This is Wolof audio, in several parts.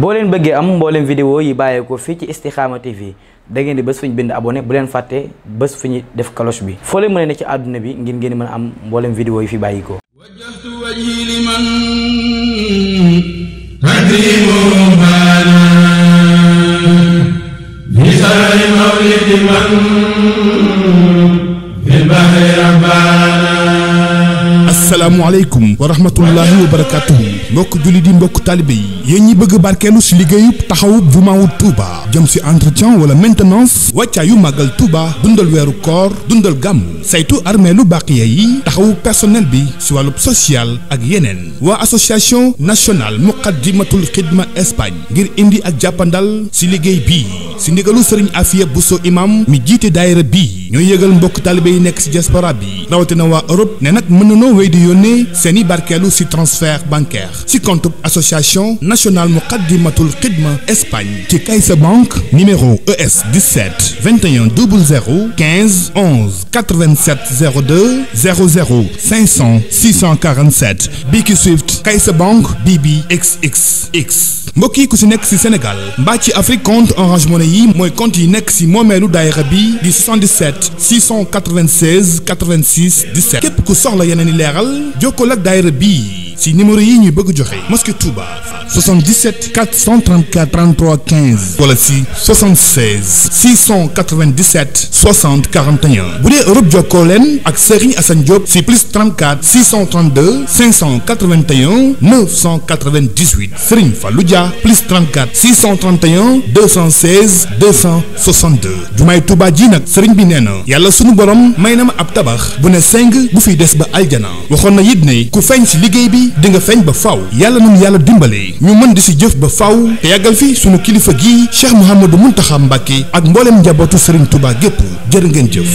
boo leen bëggee am mbooleem vidéo yi bàyyeekoo fii ci Istikhama TV da ngeen di bés fu ñu bind abonné bu leen fàtte bés fu def cloche bi foo leen mën ne ci àdduna bi ngir ngeen mën a am mbooleem vidéo yi fi bàyyikoo wajjahtu wajhi liman akrimu bi sari mawlidi man fil bahri asalaamualeykum wa rahmatullahi wa barakatuhu mbokk julli di mbokk taalibé yi yéen ñi bëgg barkeelu si liggéeyub taxawub jumaawu Touba jëm si entretien wala maintenance wàccaa yu màggal Touba dundal weeru koor dundal gàmm saytu armée lu baqiya yi taxawu personnel bi si wàllub social ak yeneen waa association nationale muqaddimatul xidma Espagne ngir indi ak jàppandal si liggéey bii si ndigalu sëriñ Afia Bousso imam mi jiite daayira bi ñooy yëgal mbokk taalibe yi nekk si diaspora bi rawatina waa Europe ne nag mën na noo wéy di yónnee seeni i barkeelu si transfert bancaire si compte association nationale muqaddimatul xidma Espagne ci Caixa Bank numéro ES 17 21 00 15 11 87 02 00 500 647 Biki Swift Caixa Bank BBXXX mbokk yi ku si nekk si Sénégal mbaa ci Afrique compte Orange Money yi mooy compte yi nekk si moomeelu daayira bi di 77 696 86 képp ku soxla yeneen i leeral jokkoo ak daayira bii si numéro yi ñuy bëgg joxe mosquée Touba. 77 434 33 15 wala si 76 697 bu dee Europe jokkoo leen ak Serigne Assane Diop si plus 34 632 581 998 Serigne Fallou Dia plus 34 631 216 262 Jumaay Touba ji nag Serigne bi nee na yàlla sunu borom may na ma ab tabax bu ne seng bu fi des ba aljana waxoon na it ne ku feeñ si liggéey bi dinga feeñ ba faw yàlla nañu yàlla dimbali. ñu mën di si jëf ba faaw te yàggal fi suñu kilifa gii Cheikh Mouhamadou Mountakha Mbacké ak mboolem njabootu Serigne tubaa gépp jër ngeen jëf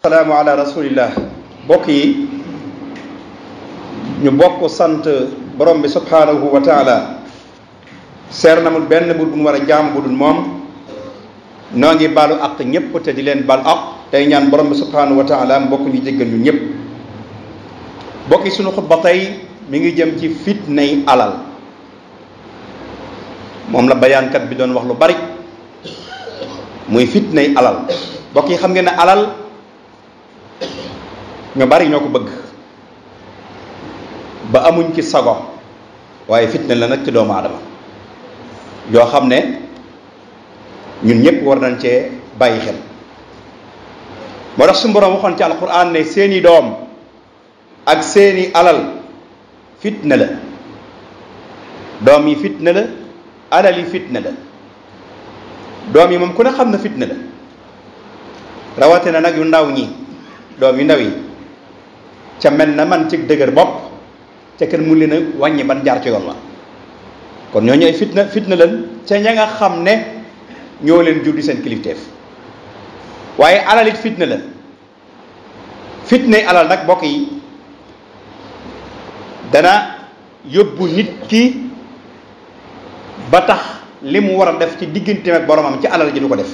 salaamu ala rasulillah bokk yi ñu bokk sant borom bi subhaanahu benn bur bu nu war jaam bu dul moom noo ngi baalu àq ñëpp te di leen baal àq tey ñaan borom bi subhanahu wa taala mbokk ñu jéggal ñu ñëpp bokki suñu xutba tey mi ngi jëm ci fitnay alal moom la bayaankat bi doon wax lu bari muy fitnay alal bokk yi xam ngeen ne alal ñu bari ñoo ko bëgg ba amuñ ci sago waaye fitna la nag ci doomu aadama yoo xam ne ñun ñëpp war nañ cee bàyyi xel moo tax suñu borom waxoon ci alquran ne seeni doom ak seeni alal fitna la doom yi fitna la alal yi fitna la doom yi moom ku ne xam na fitna la rawate na nag yu ndaw ñi doom yu ndaw yi ca mel na man ci dëgër bopp ca kenn mu leen wàññi ban jaar ci yoon la kon ñooñu ay fitna fitna lan ca ña nga xam ne ñoo leen jur di seen kilifteef waaye alal it fitna la fitna alal nag bokk yi dana yóbbu nit ki ba tax li mu war a def ci digganteem ak boromam ci alal ji du ko def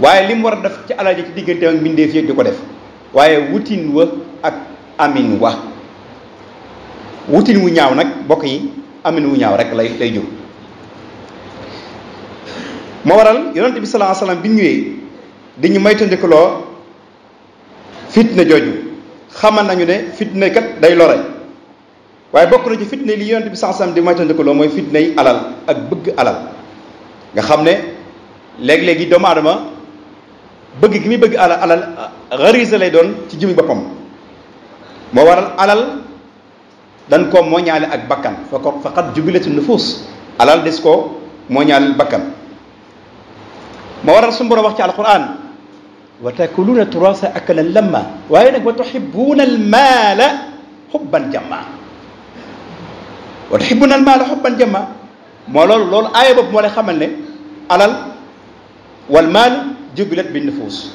waaye li mu war a def ci alal ji ci digganteem ak mbindeef yi du ko def waaye wutin wa ak amin wa wutin wu ñaaw nag bokk yi amin wu ñaaw rek lay lay jóg moo waral yonent bi salaa salaam bi ñu dañu moytandikuloo fitna jooju xamal nañu ne fitna kat day lore waaye bokk na ci fitna li yonent bi salaa salaam di moytandikuloo mooy fitna yi alal ak bëgg alal nga xam ne léeg-léegi doomu aadama bëgg gi muy bëgg alal alal xarisa lay doon ci jëmi boppam moo waral alal dañ moo mooñaale ak bakkan fa ko faqat jubilatu nufuus alal des ko moo mooñaale bakkan ma waral suñu borom wax ci alquran wa takuluna turasa akalan lamma waaye nag wa tuhibuuna almaala xubban jamma wa tuhibuuna almaala xubban jamma moo loolu loolu aaya boobu moo lay xamal ne alal wal maal jubilat bi nufuus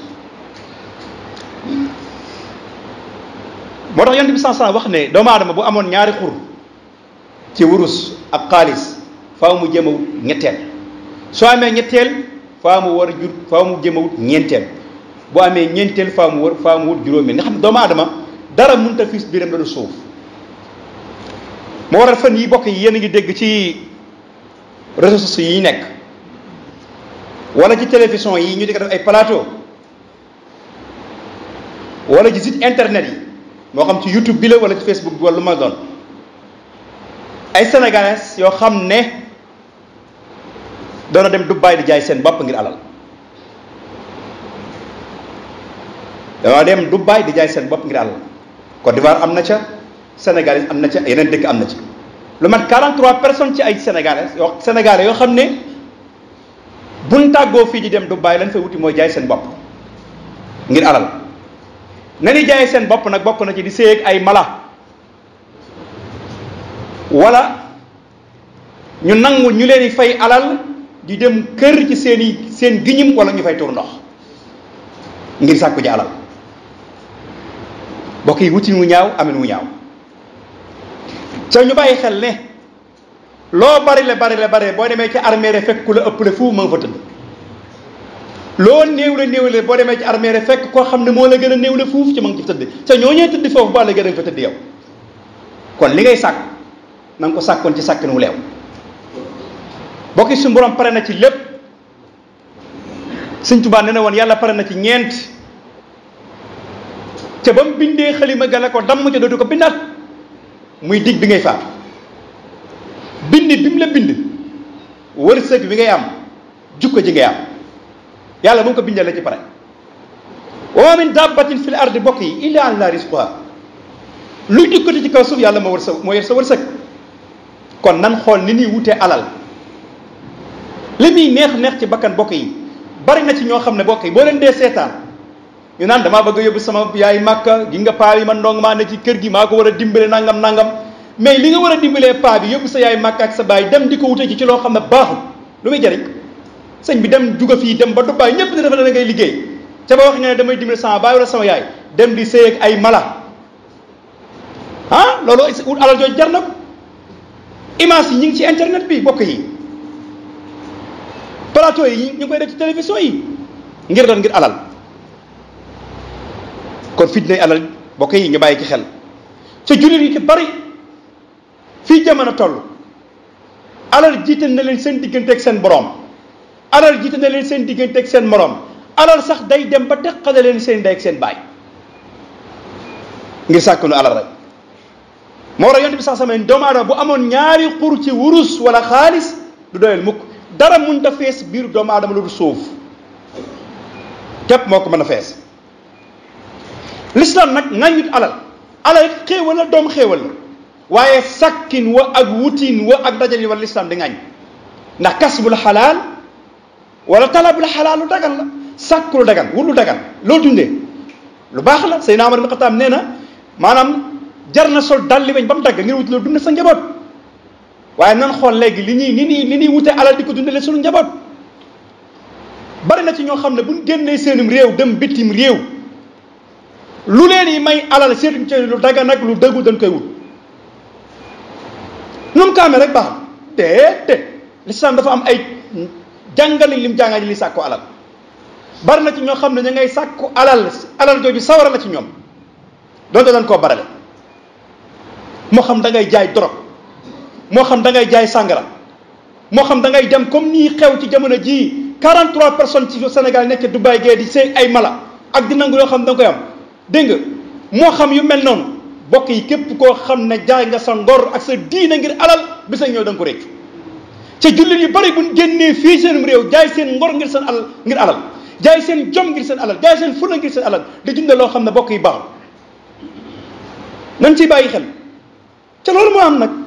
moo tax yonent bi sansan wax ne doomu aadama bu amoon ñaari xur ci wurus ak xaalis faaw mu jéem a ñetteel soo amee ñetteel faa mu war a jur faa mu jëm a wut ñeenteel boo amee ñeenteel faa mu war faa mu wut juróomeel nga xam ne doomu aadama dara mun a fis biiram la du suuf moo waral fan yi bokk yi yéen a ngi dégg ci réseaux sociaux yi nekk wala ci télévision yi ñu di ko def ay plateau wala ci internet yi moo xam ci YouTube bi la wala ci Facebook bi wala lu ma doon ay sénégalais yoo xam ne. dana dem Dubaay di jaay seen bopp ngir alal dana dem Dubaay di jaay seen bopp ngir alal Côte am na ca Sénégal am na ca yeneen dëkk am na ca lu mat 43 personnes ci ay sénégalais yoo yoo xam ne buñ tàggoo fii di dem Dubaay lañ fay wuti mooy jaay seen bopp ngir alal na ni jaay seen bopp nag bokk na ci di séy ay mala wala ñu nangu ñu leen di fay alal. di dem kër ci seen i seen giñim wala ñu fay tur ndox ngir sàkku ji alal bokk yi wutin wu ñaaw amin wu ñaaw ca ñu bàyyi xel ne loo bari la bari la bari boo demee ci armeere fekk ku la ëpp la fu ma nga fa tëdd loo néew la néew la boo demee ci armeere fekk koo xam ne moo la gën a néew la fuuf ci ma nga ci tëdd ñoo ñooñee tëdd foofu ba la gën a fa tëdd yow kon li ngay sàkk na nga ko sàkkoon ci sàkkin wu leew bokki si borom pare na ci lépp sëñ Tuubaa nee na woon yàlla pare na ci ñeent ca ba mu bindee xalima gale ko damm ca dootu ko bindaat muy dig bi ngay faatu bind bi mu la bind wërsëg bi ngay am jukko ji ngay am yàlla moom ko bindee la ci pare wa ma min dabbatin fil ardi bokk yi illa ala rizquha luy dikkati ci kaw suuf yàlla moo wërsëg moo yor sa wërsëg kon nan xool ni ñuy wute alal li muy neex neex ci bakkan bokk yi bari na ci ñoo xam ne bokk yi boo leen dee seetaan ñu naan damaa bëgg a yóbbu sama yaay màkka gi nga paa bi man ndong maa ne ci kër gi maa ko war a dimbale nangam nangam mais li nga war a dimbalee paa bi yóbbu sa yaay sa baay dem di ko wute ci loo xam ne baaxul lu jariñ sëñ bi dem juga fii dem ba Dubaay ñëpp di dafa la ngay liggéey ca ba wax nga ne damay dimbale sama baay dem di sëy ay mala ah loolu alal jooju jar na ko image yi ñu ngi ci internet bi bokk yi plateau yi ñu ngi koy def ci télévision yi ngir doon ngir alal kon fit fitnay alal bokk yi ñu bàyyi ci xel ca jullit yi ci bari fii jamono toll alal jiite na leen seen diggante ak seen boroom alal jiite na leen seen diggante ak seen moroom alal sax day dem ba teqale leen seen ndey ak seen baay ngir sàkk nu alal rek moo war a yonte bi sax sama doomu aadama bu amoon ñaari xur ci wurus wala xaalis du doyal mukk dara mënut a fees biir doomu aadama lu dul suuf képp moo ko mën a fees l'islam nag wit alal alal xéewal la doom xéewal la waaye sakkin wa ak wutin wa ak dajal yi wala l'islam di ngañ ndax kasbul xalaal wala talabul xalaal lu dagan la sàkku lu dagan wut lu dagan loo dundee lu baax la Seydina Omar ibn Xattaab nee na maanaam jar na sol dal li ba mu dagg ngir wut loolu dund sa njaboot waaye nan xool léegi li ñuy li ñuy li ñuy wute alal di ko dundale suñu njaboot bari na ci ñoo xam ne buñ génnee seenum réew dem bitim réew lu leen yi may alal seetuñ ci lu daga nag lu dëggu dañ koy wut nu mu ko amee rek baax te te lislaam dafa am ay jàngale lim jàngal li sàkku alal bari na ci ñoo xam ne ñu ngay sàkku alal alal jooju sawara la ci ñoom donte dañ koo barale moo xam da ngay jaay dorog moo xam da ngay jaay sàngara moo xam da ngay dem comme nii xew ci jamono jii 43 personnes ci Sénégal nekk Dubaï gee di sëy ay mala ak di nangu yoo xam da nga koy am dégg nga moo xam yu mel noonu bokk yi képp koo xam ne jaay nga sa ngor ak sa diina ngir alal bi sa ñëw da ko réccu te jullit yu bari bu ñu génnee fii seen réew jaay seen ngor ngir seen alal ngir alal jaay seen jom ngir seen alal jaay seen fulla ngir seen alal di junde loo xam ne bokk yi baaxul nañ ciy bàyyi xel te loolu am nag.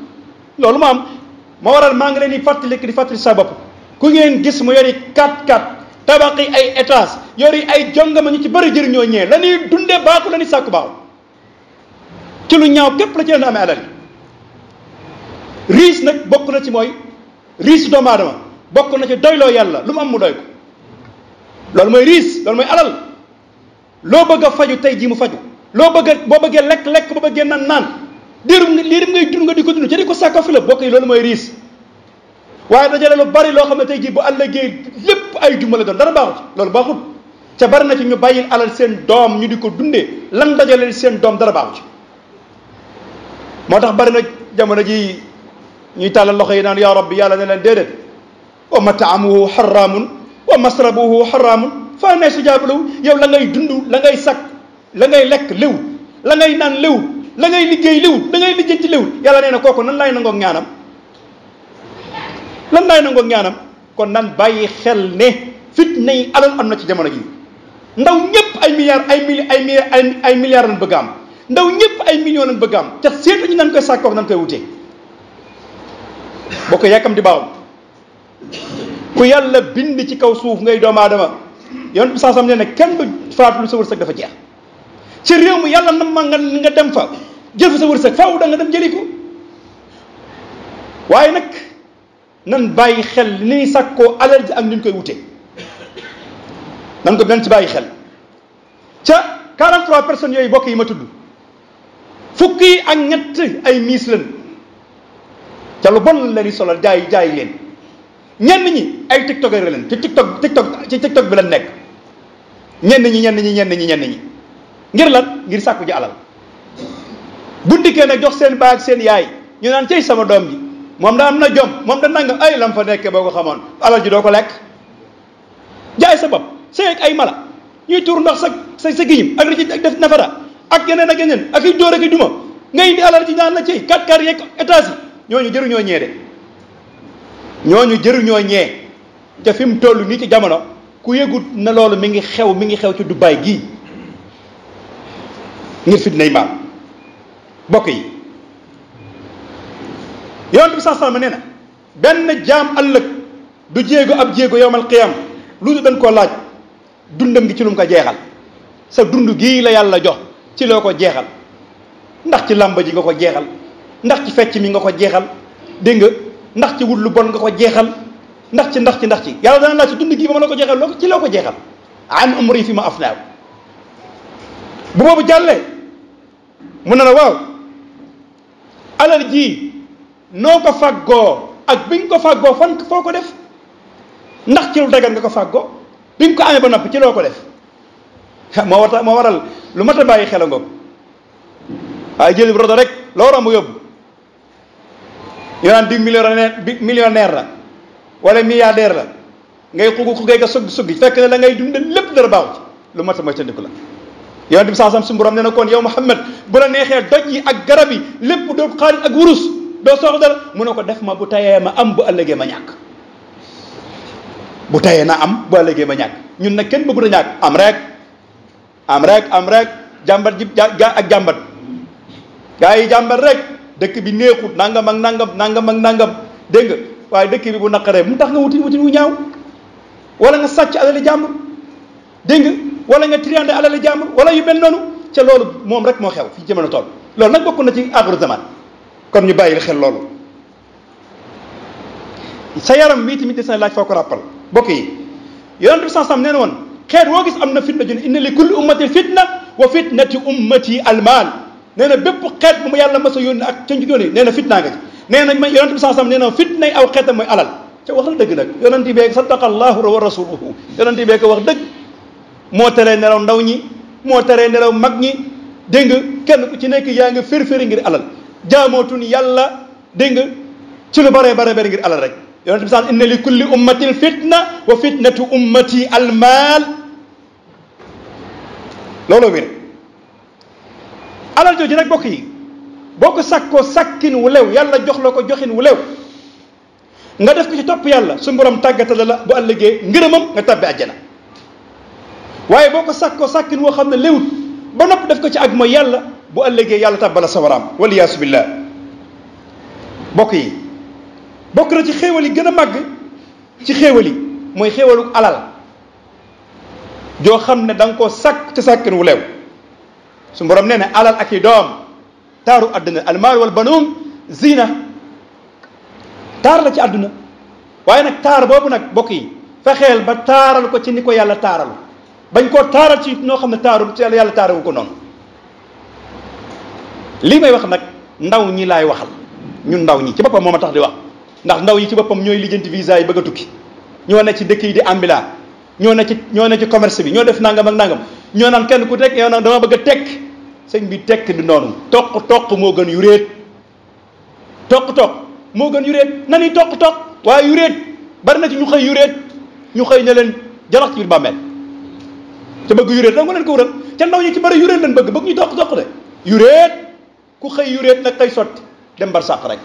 loolu ma am ma waral maa ngi leen di fàttali di fàttali sa bopp ku ngeen gis mu yori 4-4 tabax ay étages yori ay jongama ñu ci bari jëriñoo ñee la ñuy baatu baaxu la ñuy sàkku baaxu ci lu ñaaw képp la ci leen amee alal riis nag bokk na ci mooy riis doomu aadama bokk na ci doyloo yàlla lu mu am mu doy ko loolu mooy riis loolu mooy alal loo bëgg a faju tey jii mu faju loo bëgg boo bëggee lekk lekk boo bëggee naan naan diirum liirum ngay dund nga di ko dund ca di ko sacrifice la bokk yi loolu mooy riis waaye dajale lu bari loo xam ne tey jii bu àllëgee lépp ay jumale doon dara baaxut loolu baaxut ca bari na ci ñu bàyyil alal seen doom ñu di ko dundee lan dajale seen doom dara baaxu ci moo tax bari na jamono ji ñuy tàllal loxo yi naan yaa rabbi yàlla ne leen déedéet wa mataamuhu xaraamun wa masrabuhu xaraamun fa ne su jaabu yow la ngay dund la ngay sakk la ngay lekk léw la ngay naan léw la ngay liggéey liwul da ngay lijjanti liwul yàlla nee na kooku nan laay nangoog ñaanam lan laay nangoog ñaanam kon nan bàyyi xel ne fitna yi alal am na ci jamono ji ndaw ñëpp ay milliards ay mili ay mili ay milliards lañ bëgg am ndaw ñëpp ay millions lañ bëgg am te seetu ñu nan koy sàkkoog nan koy wute boo ko yàkkam di baaw ku yàlla bind ci kaw suuf ngay doomu aadama yoon saa saasam nee na kenn sa wërsëg dafa jeex ci réew mi yàlla na ma nga nga dem fa jël fa sa wërsëg faaw da nga dem jëli ko waaye nag nan bàyyi xel li ñuy sàkkoo alal ji ak ni ñu koy wute nan ko dem ci bàyyi xel ca 43 personnes yooyu bokk yi ma tudd fukki ak ñett ay miis lan ca lu bon la ni solo jaay jaay leen ñenn ñi ay tiktokeur leen ci tiktok tiktok ci tiktok bi la nekk ñenn ñi ñenn ñi ñenn ñi ñenn ñi ngir lan ngir sàkku ji alal bu dikkee nag jox seen baay seen yaay ñu naan cey sama doom ji moom da am na jom moom da nangam ay lam fa nekkee boo ko xamoon alal ji doo ko lekk jaay sa bopp ay mala ñuy tuur ndox sa sa sa ak li ci def nafara ak yeneen ak yeneen ak i dóor ak i duma ngay indi alal ji naan la cey kat kat yeeg étage yi ñooñu jëruñoo ñee de ñooñu jëruñoo ñee te fi mu toll nii ci jamono ku yëgut na loolu mi ngi xew mi ngi xew ci Dubaay gii ngir fitnay mbaam bokk yi yonent bi saa sallam nee na benn jaam ëllëg du jéego ab jéego yowmal qiyam lu ñu dañ koo laaj dundam gi ci lu mu ko jeexal sa dund gii la yàlla jox ci loo ko jeexal ndax ci làmba ji nga ko jeexal ndax ci fecc mi nga ko jeexal dégg nga ndax ci wut lu bon nga ko jeexal ndax ci ndax ci ndax ci yàlla dana laaj si dund gii ba ma la ko jeexal loo ko ci loo ko jeexal an umri fi ma afnaaw bu boobu jàllee mu ne la waaw alal ji noo ko fàggoo ak bi nga ko fàggoo fan foo ko def ndax ci lu dagan nga ko fàggoo bi nga ko amee ba noppi ci loo ko def moo war moo waral lu mat a bàyyi xel a ngoog waaye jël bi rodo rek loo romb yóbbu ñu naan di millionnaire bi millionnaire la wala milliardaire la ngay xugu xugee nga sugg sugg fekk ne la ngay lépp dara baaxu lu mat a moytandiku la yonent bi saasam suñu borom nee na koon yow Muhammad bu la neexee doj yi ak garab yi lépp doo xaalis ak wurus doo soxla dara mu ne ko def ma bu tayee ma am bu àllëgee ma ñàkk bu tayee na am bu ëllëgee ñun nag kenn bëggu a ñàkk am rek am rek am rek jàmbat ji gaa ak jàmbat gaa yi jàmbat rek dëkk bi neexut nanga ak nangam nangam ak nangam dégg waaye dëkk bi bu naqaree mu tax nga wuti wuti wu ñaaw wala nga sàcc alali jàmbur dégg nga wala nga triandé alali jàmbur wala yu mel noonu ca loolu moom rek moo xew fi jamono toll lool nag bokk na ci aaxiru zaman kon ñu bàyyil xel loolu sa yaram wii tamit des laaj foo ko rappal bokk yi yonent bi sansam nee na woon xeet woo gis am na fitna jun inna li kulli ummati fitna wa fitnati ummati almaal nee na bépp xeet bu mu yàlla mas a yónni ak ca njugooni nee na fitnaa nga ci nee na ma yonent bi sansam nee na fitnay aw xeetam mooy alal ca waxal dëgg nag yonent bi beeg sadaqallahu wa rasuluhu yonent bi beeg wax dëgg moo teree nelaw ndaw ñi moo teree nelaw mag ñi dégg nga kenn ku ci nekk yaa nga fër-fëri ngir alal jaamootun yàlla dégg nga ci lu bare bare bare ngir alal rek yonent bi saan inna li kulli ummatin fitna wa fitnatu ummati almaal nag bokk yi boo ko sàkkoo sàkkin wu lew yàlla jox la ko joxin wu lew nga def ko ci topp yàlla su borom tàggatal la bu àllëgee ngërëmam nga tàbbi àjjana waaye boo ko sàkkoo sakkin woo xam ne léwut ba noppi def ko ci ak mooy yàlla bu ëllëgee yàlla tàbbala sawaraam waliyaasu billah bokk yi bokk na ci xéewal yi gën a màgg ci xéewal yi mooy xéewalu alal joo xam ne da ko koo sàkk te wu leew su borom nee ne alal ak i doom taaru àdduna almaal wal banuun ziina taar la ci àdduna waaye nag taar boobu nag bokk yi fexeel ba taaral ko ci ni ko yàlla taaral bañ koo taaral ci ñoo xam ne taaru ci yàlla taarawu ko noonu lii may wax nag ndaw ñi laay waxal ñun ndaw ñi ci boppam moom ma tax di wax ndax ndaw yi ci boppam ñooy lijjanti visa yi bëgg a tukki ñoo ne ci dëkk yi di ambila ñoo ne ci ñoo ne ci commerce bi ñoo def nangam ak nangam ñoo naan kenn ku nekk yow nag dama bëgg a tekk sëñ bi tekk di noonu toq toq moo gën yu réet toq toq moo gën yu réet na ni toq toq waaye yu bari na ci ñu xëy yu réet ñu xëy leen jarax te bëgg yuréet da nga leen ko wural te ndaw ñi ci bari yuréet leen bëgg bëgg ñu doq doq de yuréet ku xëy yuréet nag tey sotti sàq rek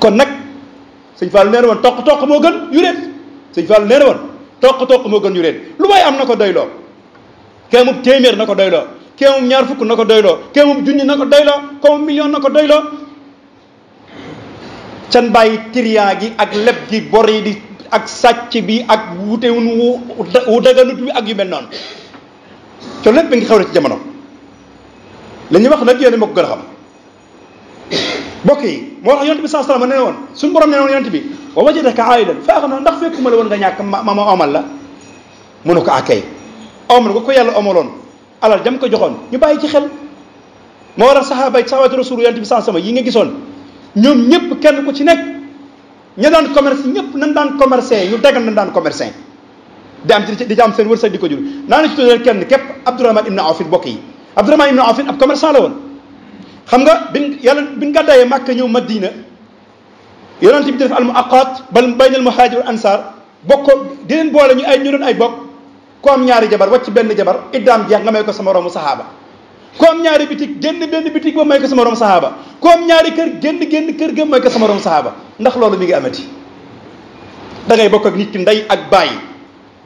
kon nag sëñ Fall nee toq toq moo gën yuréet sëñ Fall nee toq toq moo gën yuréet lu may am na ko doyloo kee mum téeméer na ko doyloo kee mum ñaar na ko doyloo kee mum junni na ko doyloo kee mum million na ko doyloo can bàyyi tiriyaa gi ak leb gi bor ak sàcc bi ak wutewun wu daganut bi ak yu mel noonu coono lépp mi ngi xew na ci jamono lañuy ñuy wax nag yéen ma ko gën a xam mbokk yi moo tax yonent bi saa salaam nee woon suñu borom nee woon yonent bi wa wajadaka aayilan fa aghnaa ndax fekkuma la woon nga ñàkk ma ma omal la mënu ko akay ah, omal nga ko yàlla omaloon alal jam ko joxoon ñu bàyyi ci xel moo war a saxaaba yi saxaabatu rasul yonent bi saa sama yi nga gisoon ñoom ñëpp kenn ku ci nekk ña daan commerce ñëpp nan daan commerçant ñu daggan nan daan commerçant di am ci di ci am seen wërsëg di ko jur naa na ci tuddal kenn képp Abdourahman ibn Awf bokk yi Abdourahman ibn Awf ab commerçant la woon xam nga bin yàlla bin gàddaayee Màkka ñëw Madina yonent bi def al muaqat bal bayna al muhaajir wal ansaar bokkoo di leen boole ñu ay ñu doon ay bokk ku am ñaari jabar wàcc benn jabar iddaam jeex nga may ko sama moromu saxaaba ku am ñaari bitig génn benn bitig ba may ko sama moromu comme ñaari kër génn génn kër ga ko sama rom saxaaba ndax loolu mi ngi amati da ngay bokk ak nit ki ndey ak bàyyi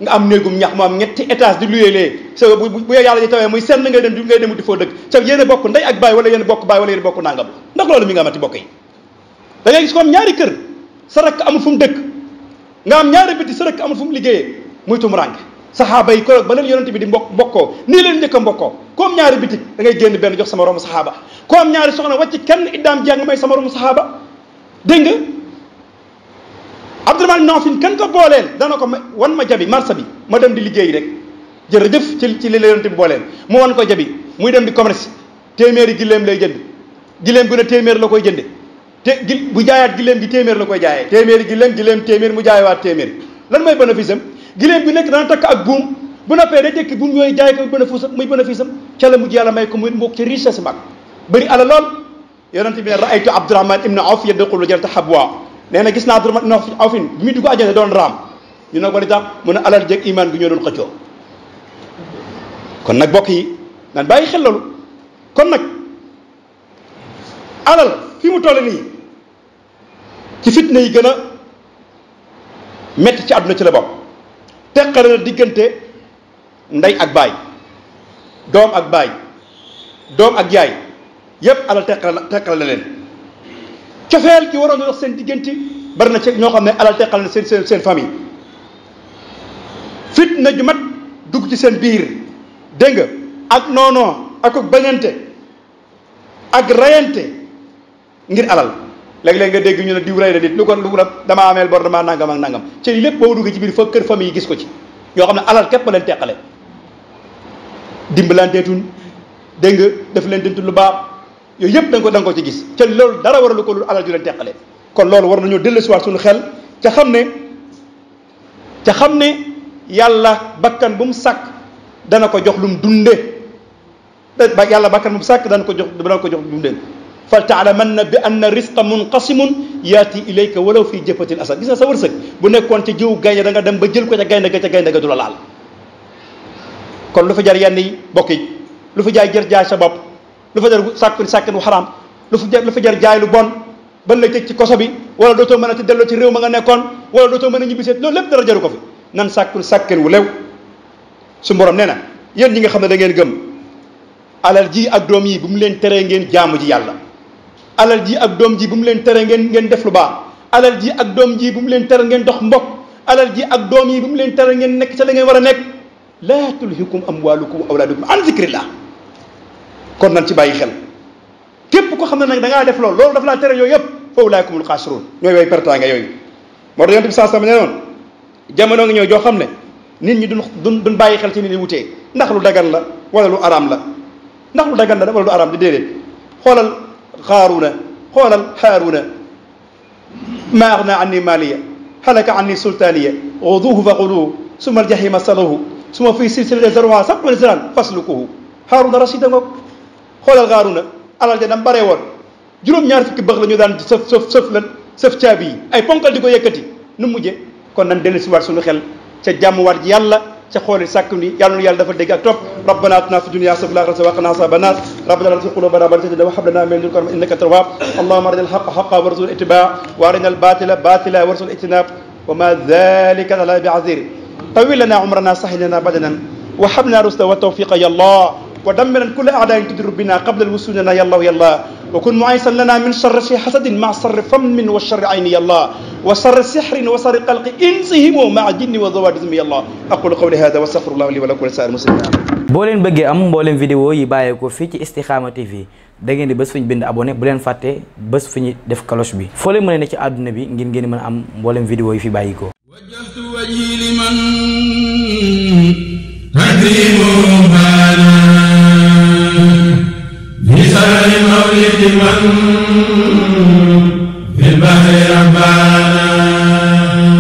nga am néegum ñax mu am ñetti étage di luyee lee sa bu bu yàlla di tawee muy senn ngay dem ngay dem di foo dëkk sa yéen a bokk ndey ak bàyyi a bokk bàyyi a bokk nangam ndax loolu mi ngi amati bokk yi da ngay gis ñaari kër sa rakk amul fu mu dëkk nga ñaari biti sa rakk amul fu mu liggéeyee muy tumuraange saxaaba yi ko ba leen yonente bi di mbokk mbokkoo nii leen njëkk a mbokkoo comme ñaari biti da ngay génn benn jox sama rom saxaaba ku ñaari soxna wàcc kenn iddaam jàng may sama rom saxaaba dégg nga Abdourahman ibn Awf kenn ko booleel dana ko wan ma jabi marsa bi ma dem di liggéey rek jërëjëf ci ci li la yonent bi booleel mu wan jabi muy dem di commerce téeméeri gileem lay jënd gileem gu ne téeméer la koy jënde te gi bu jaayaat gileem gi téeméer la koy jaayee téeméeri gileem gileem téeméer mu jaayewaat téeméer lan mooy bénéfice bi nekk dana takk ak buum bu noppee day tekki buum yooyu jaay ko bénéfice am muy bénéfice am ca la mujj yàlla may ko mu ci richesse mag bëri alal lool yonente bi ne raaytu abdourahman ibne awf yadxulu jannata habwa nee na gis naa abdourahman ibne awfin bi muy dugg àjjana doon raam ñu ne ko li tax mu ne alal jëg iman bi ñoo doon xëccoo kon nag bokk yi nan bàyyi xel loolu kon nag alal fi mu toll nii ci fitna yi gën a metti ci àdduna ci la bopp teqale na diggante ndey ak baay doom ak baay doom ak yaay yépp alal teqal teqal na leen cofeel gi waroon na dox seen diggante bari na ci ñoo xam ne alal teqal na seen seen seen famille na ju mat dugg ci seen biir dégg ak noonoo ak bañante ak rayante ngir alal léeg-léeg nga dégg ñu ne diw ray na nit lu ko lu ko damaa ameel bor damaa nangam ak nangam ci lépp boo duggee ci biir fa kër famille yi gis ko ci ñoo xam ne alal képp leen teqale dimbalanteetuñ dégg nga def leen dentu lu baax yooyu yëpp da ko da nga ci gis te loolu dara waralu ko lu alal jur leen teqale kon loolu war nañoo dellusiwaat suñu xel ca xam ne ca xam ne yàlla bakkan bu mu sàkk dana ko jox lu mu dunde eh, ba yàlla bakkan bu mu sàkk dana ko jox dana ko jox lu mu dunde fal taalamanna bi anna risqa munqasimun yaati ilayka walaw fii jëppatil asad gis na sa wërsëg bu nekkoon ca jiw gaynde danga dem ba jël ko ca gaynde ga ca gaynde ga du la laal kon lu fa jar yenn yi bokk yi lu fa jaay jër jaay sa bopp lu fa jar sàkku sàkkin wu xaraam lu fa jar fa jar jaay lu bon ban lay tëj ci koso bi wala dootoo mën a delloo ci réew ma nga nekkoon wala dootoo mën a ñibbisee loolu lépp dara jaru ko fi nan sàkkul sàkkin wu lew su borom nee na yéen ñi nga xam ne da ngeen gëm alal ji ak doom yi bu mu leen teree ngeen jaamu ji yàlla alal ji ak doom ji bu mu leen teree ngeen ngeen def lu baa alal ji ak doom jii bu mu leen tere ngeen dox mbokk alal ji ak doom yi bu mu leen teree ngeen nekk ca la ngeen war a nekk laa tulhikum amwaalukum awlaadukum an zikrillah kon nañ ci bàyyi xel képp ko xam ne nag da ngaa def loolu loolu dafa laa tere yooyu yëpp foofu laay kumul xaasiruun ñooy way pertaanga yooyu moo tax yonent bi saa sama ne noonu joo xam ne nit ñi duñ duñ duñ bàyyi xel ci nit ñi wutee ndax lu dagan la wala lu araam la ndax lu dagan la wala lu araam di déedéet xoolal xaaruna xoolal xaaruna ma agna anni maliya halaka anni sultaniya xuduuhu fa xuluuhu suma aljahima saluhu suma fi silsilati zarha sab'una ziraan faslukuhu xaaruna rashida ngoog xoolal xaaruna alal ja dam bare woon juróom-ñaar fukki bëx la ñu daan sëf sëf sëf lan sëf caabi yi ay ponkal di ko yëkkati nu mujje kon nan dellu si waat suñu xel ca jàmm waat ji yàlla ca xooli sàkk ni yàlla nu yàlla dafa dégg ak topp rabbana atina fi dunya hasanatan wa fil akhirati hasanatan wa qina azaban nar rabbana la tuzigh qulubana ba'da idh hadaytana wa hab lana min ladunka rahmatan innaka antal wahhab allahumma arina al-haqqa haqqan warzuqna ittiba'a wa arina batila batila warzuqna ijtinab wa ma dhalika 'ala bi 'azir طول لنا ودمرا كل أعداء تدر بنا قبل الوصول لنا يا الله يا الله وكن معيسا لنا من شر حسد مع شر فم وشر عين يا الله وشر سحر وشر قلق إنسهم مع جن وضوادهم يا الله أقول قولي هذا واستغفر الله لي ولكم ولسائر المسلمين boo leen bëggee am mbooleem vidéo yi bàyyeekoo fii ci Istikhama TV da ngeen di bés fu ñu bind abonné bu leen fàttee bés fu ñu def cloche bi foo leen mën a ne ci àdduna bi ngir ngeen mën a am mbooleem vidéo yi fi bàyyikoo wajjahtu wajhi liman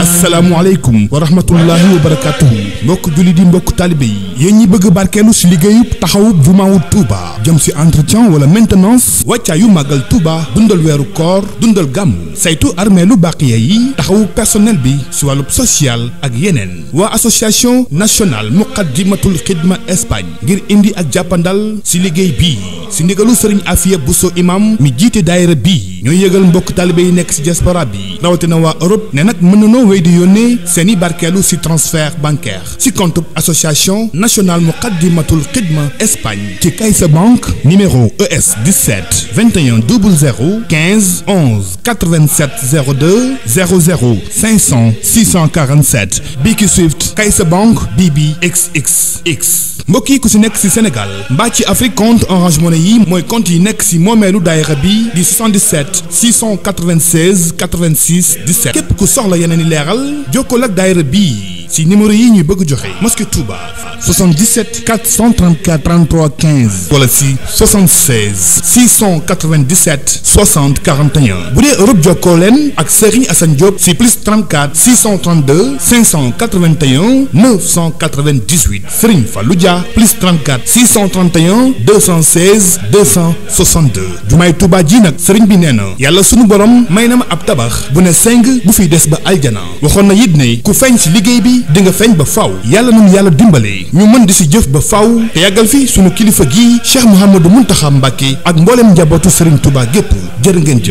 asalaamualeykum wa rahmatullahi wa barakatuhu mbokk julli di mbokk taalibé yi yéen ñi bëgg barkeelu si liggéeyub taxawub jumaawul Touba jëm si entretien wala maintenance wàccaayu màggal tuuba dundal weeru koor dundal gàmm saytu armée lu baqiya yi taxawu personnel bi si wàllub social ak yeneen waa association nationale muqaddimatul xidma Espagne ngir indi ak jàppandal si liggéey bii si ndigalu sëriñ afiya buso imam mi jiite daayira bii ñooy yëgal mbokk taalibe yi nekk si diaspora bi rawatina waa Europe ne nag mën nanoo wéy di yónnee seeni i barkeelu si transfert bancaire si compte association national muqaddimatul xidma Espagne ci CaixaBank numéro ES 17 21 00 15 11 87 02 00 500 647 Bici Swift CaixaBank BBXXX mbokk yi ku si nekk si Sénégal mbaa ci Afrique compte Orange Money yi mooy compte yi nekk si moomeelu daayira bi di 77 696 86 17 képp ku soxla yeneen i leeral jokkool ak daayira bii yi si numéro yi ñu bëgg joxe mosquée Touba 77 434 33 15 wala si 76 697 60 41 bu dee Europe jokkoo leen ak Serigne Assane Diop si plus 34 632 581 998 Serigne Fallou Dia plus 34 631 216 262 jumaay Touba ji nag Serigne bi nee na yàlla sunu borom may na ma ab tabax bu ne seng bu fi des ba aljana waxoon na it ne ku feeñ si liggéey bi. yi nga feeñ ba faaw yàlla nañu yàlla dimbale ñu mën di si jëf ba faaw te yàggal fi suñu kilifa gii Cheikh Mouhamadou Mountakha Mbacké ak mboolem njabootu Serigne Touba gépp jërë ngeen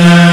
jëf